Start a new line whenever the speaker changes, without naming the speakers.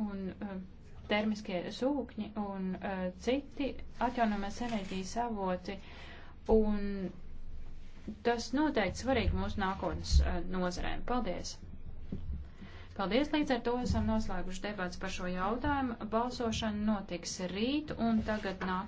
un uh, termiskie zūkņi un uh, citi atjaunamās enerģijas avoti. Un tas noteikti svarīgi mūsu nākotnes uh, nozarēm. Paldies! Paldies, līdz ar to esam noslēguši debats par šo jautājumu. Balsošana notiks rīt
un tagad nāk.